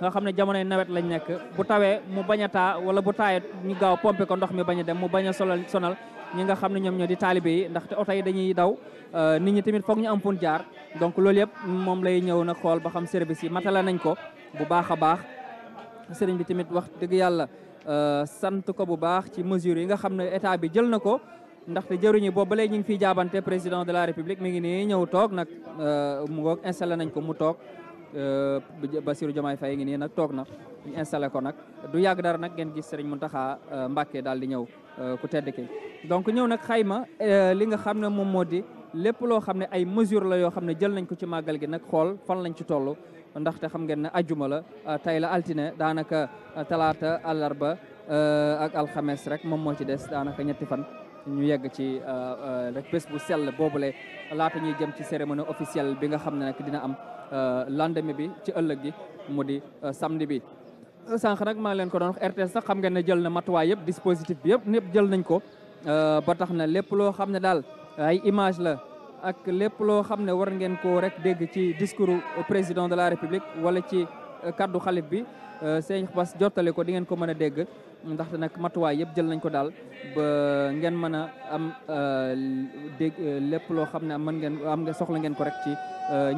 nga xam ne jamonoy nawet lañ nekk bu tawee mu bañ a taa wala bu taayee ñu gaaw pompe ko ndox mi bañ dem mu bañ a solal sonal ñi nga xam ne ñoom ñoo di taalibe yi ndaxte oto yi dañuy daw euh, nit ñi tamit foog ñu am fun jaar donc loolu yëpp moom lay ñëw nag xool ba xam service yi matala nañ ko bu baax a baax sëriñ bi tamit wax dëgg yàlla euh, sant ko bu baax ci mesures yi nga xam ne état bi jël na ko ndaxte jëruñu boobu ba léegi ñu ngi fiy jaabante président de la république mi ngi nii ñëw toog nag euh, mu ngoog installé nañ ko mu toog Euh, Bassirou Diomaye fay ngi nii nag toog na ñu ko nag du yàgg dara nag ngeen gis Serigne Mountakha euh, Mbacké daal di ñëw euh, ku tedd ki donc ñëw nag xayma li nga xam ne moom moo di lépp loo xam ne ay mesure la yoo xam ne jël nañ ko ci màggal gi nag xool fan lañ ci toll ndaxte xam ngeen ne ajjuma la tey la altine daanaka talaata àllarba ak alxames rek moom moo ci des daanaka ñetti fan ñu yegg ci euh, euh, rek bés bu boobu boobule laata ñuy jëm ci cérémonie officielle bi nga xam ne na dina am euh, lendemain bi ci ëllëg gi mu di samedi bi. sànq nag maa leen ko doon RTS sax xam ngeen ne jël na matuwaay yëpp dispositif bi yëpp ñëpp jël nañ ko ba tax na lépp loo xam ne daal ay image la ak lépp loo xam ne war ngeen ko rek dégg ci discours président de la république wala ci kaddu xalif bi. Eh, sëñ Bass jotale ko di ngeen ko meuna deg ndax nak matwa yeb jël nañ ko dal ba ngeen meuna am eh, deg eh, lepp lo xamne am ngeen am nga soxla ngeen ko rek ci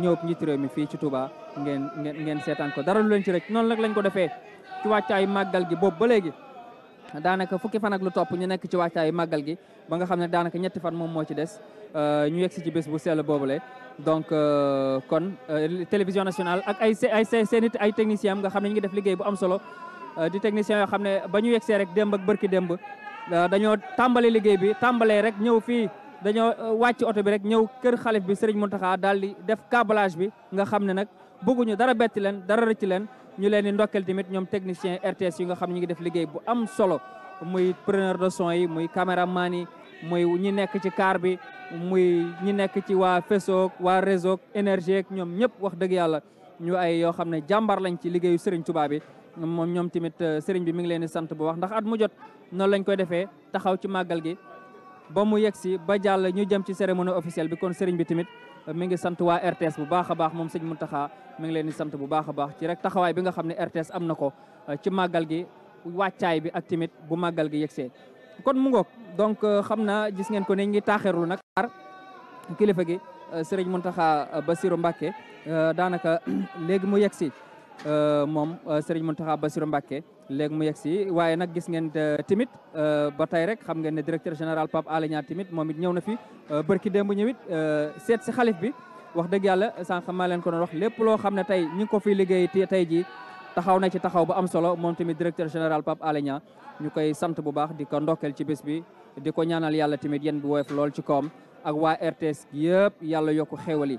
ñëw njiitu réew mi fi ci Touba ngeen ngeen ngeen ko dara lu leen ci rek non nak lañ ko defé ci waccay magal gi boobu ba léegi danaka fukki fan ak lu top ñu nekk ci waccay magal gi ba nga xamne danaka ñetti fan mom mo ci euh ñu yex ci bés bu sel bobule donc euh, kon euh, télévision nationale ak ay ay seen ay technicien nga xamne ñu ngi def liggey bu am solo euh, di technicien yo xamne ba ñu yexé rek demb. ak barki demb dañoo tambalé liggey bi tambalé rek ñew fi dañoo wacc auto bi rek ñew kër khalif bi Serigne Mountakha daal def câblage bi nga xamne nak bëggu ñu dara betti len dara rëcc len ñu leen di ndokkeel tamit ñoom technicien RTS yi nga xam ñu ngi def liggéey bu am solo muy preneur de son yi muy caméraman yi muy ñi nekk ci car bi muy ñi nekk ci waa fesoog waa réso énergie ak ñoom ñëpp wax dëgg yàlla ñu ay yoo xam ne jàmbaar lañ ci liggéeyu Serigne Touba bi moom ñoom tamit euh, Serigne bi mi ngi leen di sant bu wax ndax at mu jot noonu lañ koy defee taxaw ci màggal gi ba mu yegg si ba jàll ñu jëm ci cérémonie officielle bi kon sëriñ bi tamit euh, mi ngi sant waa RTS bu baax a baax moom sëñ Mountakha mi ngi leen di sant bu baax a baax ci rek taxawaay bi nga xam ne RTS am na ko euh, ci màggal gi wàccaay bi ak tamit bu màggal gi yegsee kon mu ngoog donc euh, xam na gis ngeen ko ne ngi taaxeerlu nag ar kilifa gi mun Mountakha Bassirou Mbacké daanaka léegi mu yegg si moom sëriñ taxa Bassirou Mbacké leg mu yegg si nak gis ngeen euh, timit euh, ba tey rek xam ngeen ne directeur général pap alenia timit momit ñew na fi euh, bërki démb ñëwit set ci khalif bi wax deug yalla sank ma len ko doon wax lepp lo xamne tay ñing ko fi liggéey tay ji taxaw na ci taxaw bu am solo moom timit directeur général pap alenia Niang sant bu baax di ko ci bes bi di ko ñaanal yalla timit yeen bi woyof lol ci kom ak wa RTS yep yalla yokku xewali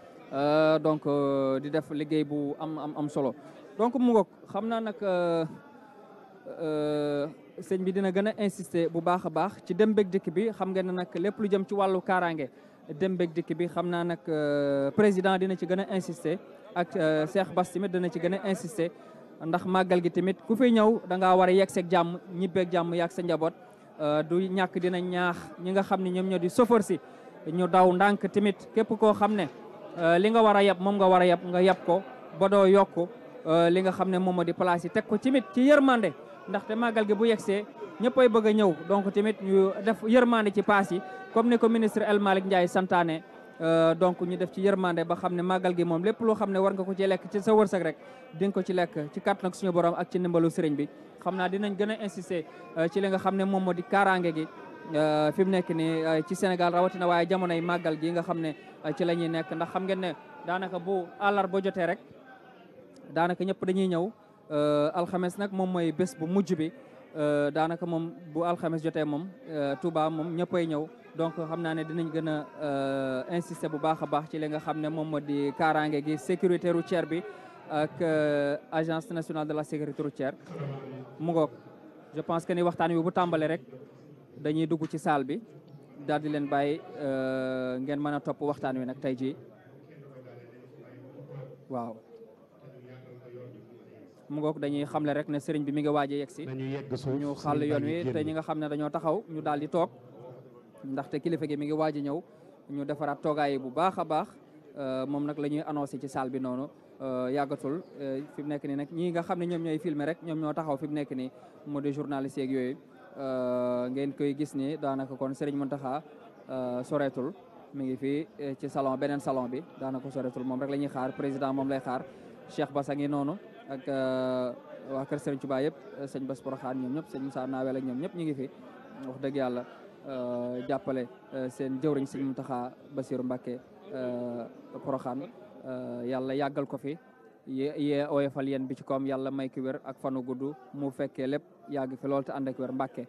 Euh, donc euh, di def liggey bu am am am solo donc mu ngok xamna nak euh, euh sëñ bi dina gëna insister bu baaxa baax ci dem beeg dik bi xam nga nak lepp lu jëm ci walu karange dem beeg dik bi xamna nak président dina ci gëna insister ak Cheikh bastime dina ci gëna insister ndax magal gi timit ku fi ñew da nga wara a jam seeg jàmm ñibbeeg jàmm yàgg sa du ñak dina ñaax ñi nga xamni ñom ñoo di sofor si ñu daw ndank timit kep ko xamne Euh, li nga war a yab moom nga war a yab nga yab ko ba doo yokk euh, li nga xam ne moom moo di place yi teg ko tamit ci yërmande ndaxte màggal gi bu yegsee ñëppay bëgg a ñëw donc tamit ñu def yërmande ci paas yi comme ni ko ministre El Malick Ndiaye santaane euh, donc ñu def ci yërmande ba xam ne màggal gi moom lépp loo xam ne war nga ko ci lekk ci sa wërsëg rek di ko ci lekk ci kàttan ak suñu borom ak ci ndimbalu sëriñ bi xam naa dinañ gën a insister ci li nga xam ne moom moo di kaaraange gi Euh, fi mu nekk nii euh, ci Sénégal rawatina waaye jamonoy màggal gi nga xam ne euh, ci la ñuy nekk ndax xam ngeen ne daanaka bu àllarba jotee rek daanaka ñëpp dañuy ñëw alxames nag moom mooy bés bu mujj bi daanaka moom bu alxames jote moom tubaab moom ñëppay ñëw donc xam naa ne dinañ gën a insister bu baax a baax ci li nga xam ne moom moo di kaaraange gi sécurité routière bi ak agence nationale de la sécurité routière mu ngoog je pense que ni waxtaan wi bu tàmbalee rek dañuy dugg ci salle bi daal di leen bàyyi euh, ngeen mën a topp waxtaan wi nag tey jii waaw mu ngoog dañuy xamle rek ne sëriñ bi mi ngi waaj a yegsi ñu xàll yoon wi te ñi nga xam ne dañoo taxaw ñu daal di toog ndaxte kilifa gi mi ngi waaj a ñëw ñu defaraat toogaay bu baax a baax euh, moom nag la ñuy annoncé ci salle bi noonu euh, yàggatul fi mu nekk nii nag ñii nga xam ne ñoom ñooy filmer rek ñoom ñoo taxaw fi mu nekk ni moo di journaliste yeeg yooyu Euh, ngeen koy gis ni daanaka kon Serigne Mountakha euh, soreetul mi ngi fii eh, ci salon beneen salon bi daanaka soreetul moom rek la ñuy xaar président moom lay xaar Cheikh Bass a noonu ak euh, waa kër Serigne Touba yëpp eh, sëñ Bass Porokhane ñoom ñëpp sëñ Moussa Nawel ak ñoom ñëpp ñu ngi fi wax dëgg yàlla jàppale seen jëwriñ Serigne Mountakha Bassirou Mbacké Porokhane yàlla yàggal ko fi ye oo yefal bi ci kom yalla may ki wer ak fanu gudd mu fekke lepp yag fi lool te ànd ak wér mbàkke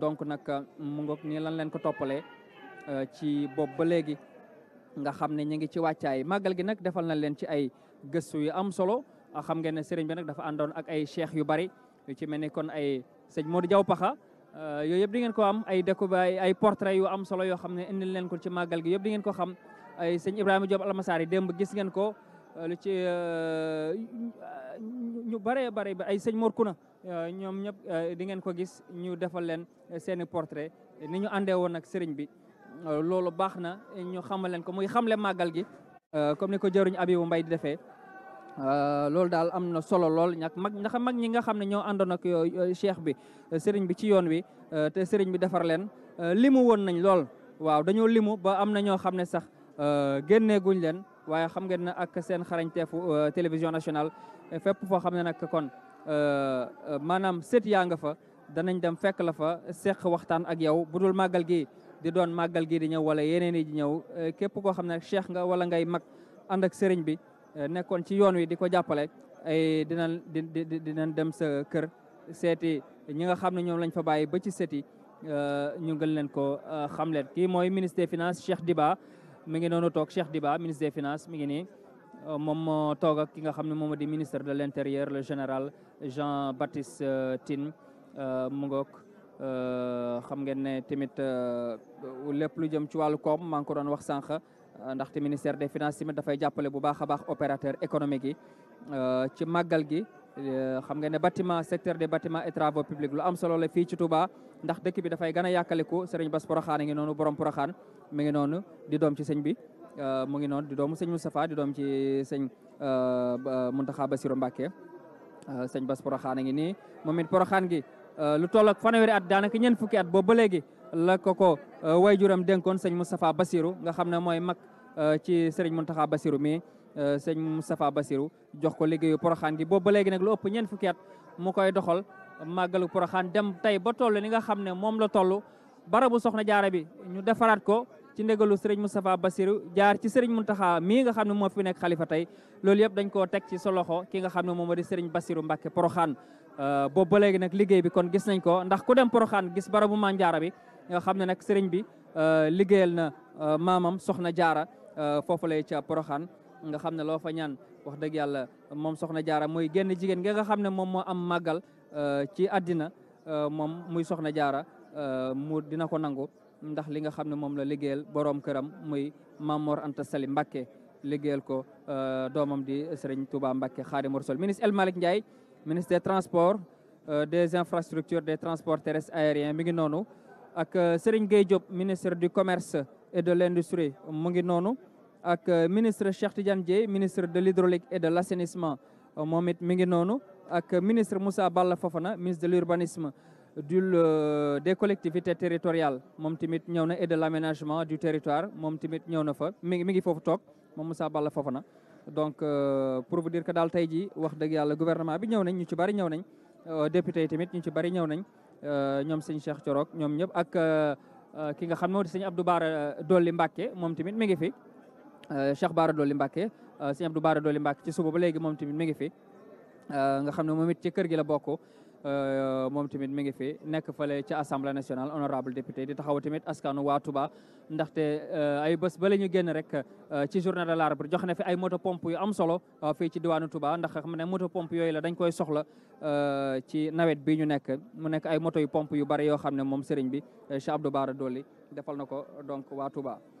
donc nak mu ngok ni lan len ko topale euh, ci bob ba legi nga xamne ñi ngi ci waccay magal gi nak defal na len ci ay geussu yu am solo ah, xam ngeen ne serigne bi nak dafa àndoon ak ay cheikh yu bari yu ci melni kon ay serigne Modou Diaw Paxa euh, yo yeb di ngeen ko am ay dekuba ay portrait yu am solo yo xamne indi len ko ci magal gi yeb di ngeen ko xam ay serigne Ibrahima Diop Almasari demb gis ngeen ko lu ci euh, ñu bare bare ay sëñ Mor Kuna euh, ñoom ñëpp euh, di ngeen ko gis ñu defal leen seeni portrait ni ñu àndee woon ak sëriñ bi loolu baax na ñu xamal leen ko muy xamle màggal gi comme ni ko jëruñ Abibu Mbay di defee loolu daal am na solo lool ñak mag ndax mag ñi nga xam ne ñoo àndoon ak cheikh bi sëriñ bi ci yoon wi te sëriñ bi defar leen limu woon nañ lool waaw dañoo limu ba am na ñoo xam ne sax génneeguñ leen waaye xam nga na ak seen xarañteefu euh, télévision national euh, fépp foo xam ne nag kon euh, maanaam sët yaa nga fa danañ dem fekk la fa seq waxtaan ak yow bu dul màggal gi di doon màggal gi di ñëw wala yeneen yi di ñëw képp koo xam ne nag cheikh nga wala ngay mag ànd ak sëriñ bi nekkoon ci yoon wi di ko jàppale ay dinañ di dinañ dem sa kër seeti ñi nga xam ne ñoom lañ fa bàyyi ba ci seeti ñu gën leen ko xam leen kii mooy ministre finance finances di baa mingi nonu tok Cheikh Diba ministre des finances mingi suis mom ministre de l'Intérieur, le général Jean Baptiste euh, Tin. Euh, mungok euh, xam ngeen ne lepp lu jëm ci qui des finances da fay jappalé bu opérateur économique yi xam ngeen ne bâtiment secteur des bâtiments et travaux publics lu am solo la fii ci Touba ndax dëkk bi dafay gën a yàkkaliku Serigne Bass Porokhane ngi noonu borom Porokhane mi ngi noonu di doom ci sëñ bi mu ngi noonu di doomu sëñ Moustapha di doom ci sëñ Mountakha Bassirou Mbacké sëñ Bass Porokhane ngi nii moom it Porokhane gi lu toll ak fanweeri at daanaka ñeent fukki at boobu ba léegi la ko ko waajuram dénkoon sëñ Moustapha Bassirou nga xam ne mooy mag ci Serigne Mountakha Bassirou mi Euh, sëñ Moustapha Bassirou jox ko liggéeyu poroxaan gi boobu ba léegi nag lu ëpp ñeent fukki at mu koy doxal màggalu poroxaan dem tey ba toll ni nga xam ne moom la toll barabu soxna jaara bi ñu defaraat ko ci ndégalu sëriñ Moustapha Bassirou jaar ci sëriñ Mountakha mii nga xam ne moo fi nekk xalifa tey loolu yëpp dañ koo teg ci sa loxo ki nga xam ne moom moo di sëriñ Bassirou Mbacke poroxaan euh, boobu ba léegi nag liggéey bi kon gis nañ ko ndax ku dem poroxaan gis barabu maam jaara bi nga xam ne nag sëriñ bi euh, liggéeyal na maamam soxna jaara foofu lay nga xamne lo fa ñaan wax deug yalla mom soxna jaara moy genn jigen nga xamne mom mo am magal euh, ci adina euh, mom muy soxna jaara euh, mu dina ko nangu ndax li nga xamne mom la liggéeyal borom kërëm muy Mamor Anta salim Mbacke liggéeyal ko domam di Serigne Touba Mbacke khadim rasoul ministre El malik ndjay ministre des transports des infrastructures des transports terrestres aériens mi ngi nonu ak Serigne Gueye job ministre du commerce et de l'industrie ngi nonu ak euh, ministre Cheikh Tidiane Dièye ministre de l'hydraulique et de l'assainissement euh, moom it mi ngi ak euh, ministre Moussa Balla Fofana ministre de l'urbanisme du des collectivités territoriales moom tamit ñëw et de l'aménagement du territoire moom tamit ñëw fa mi ngi mi ngi foofu Moussa Balla Fofana donc pour vous dire que daal tey jii wax dëgg yàlla gouvernement bi ñëw nañ ñu ci bari ñëw nañ député yi tamit ñu ci bari ñëw nañ ñoom sëñ Cheikh Thiorok ñoom ñëpp ak ki nga xam ne moo di sëñ Abdou Bara Dolli Mbacké moom tamit mi fi. Cheikh Bara Dolly Mbacké sëñ Abdou Bara Dolly Mbacké ci suba ba léegi mom tamit mi ngi fi nga xamne momit ci kër gi la bokku mom tamit mi ngi fi nek fele ci assemblée nationale honorable député di taxaw tamit askanu wa Touba ndaxte ay bëss ba lañu génn rek ci journal de l'arbre jox na fi ay moto pompe yu am solo fi ci diwanu Touba ndax xamne moto pompe yoy la dañ koy soxla ci nawet bi ñu nek mu nek ay moto yu pompe yu bari yo xamne mom moom sëriñ bi Cheikh Abdou Bara Dolly defal nako donc wa Touba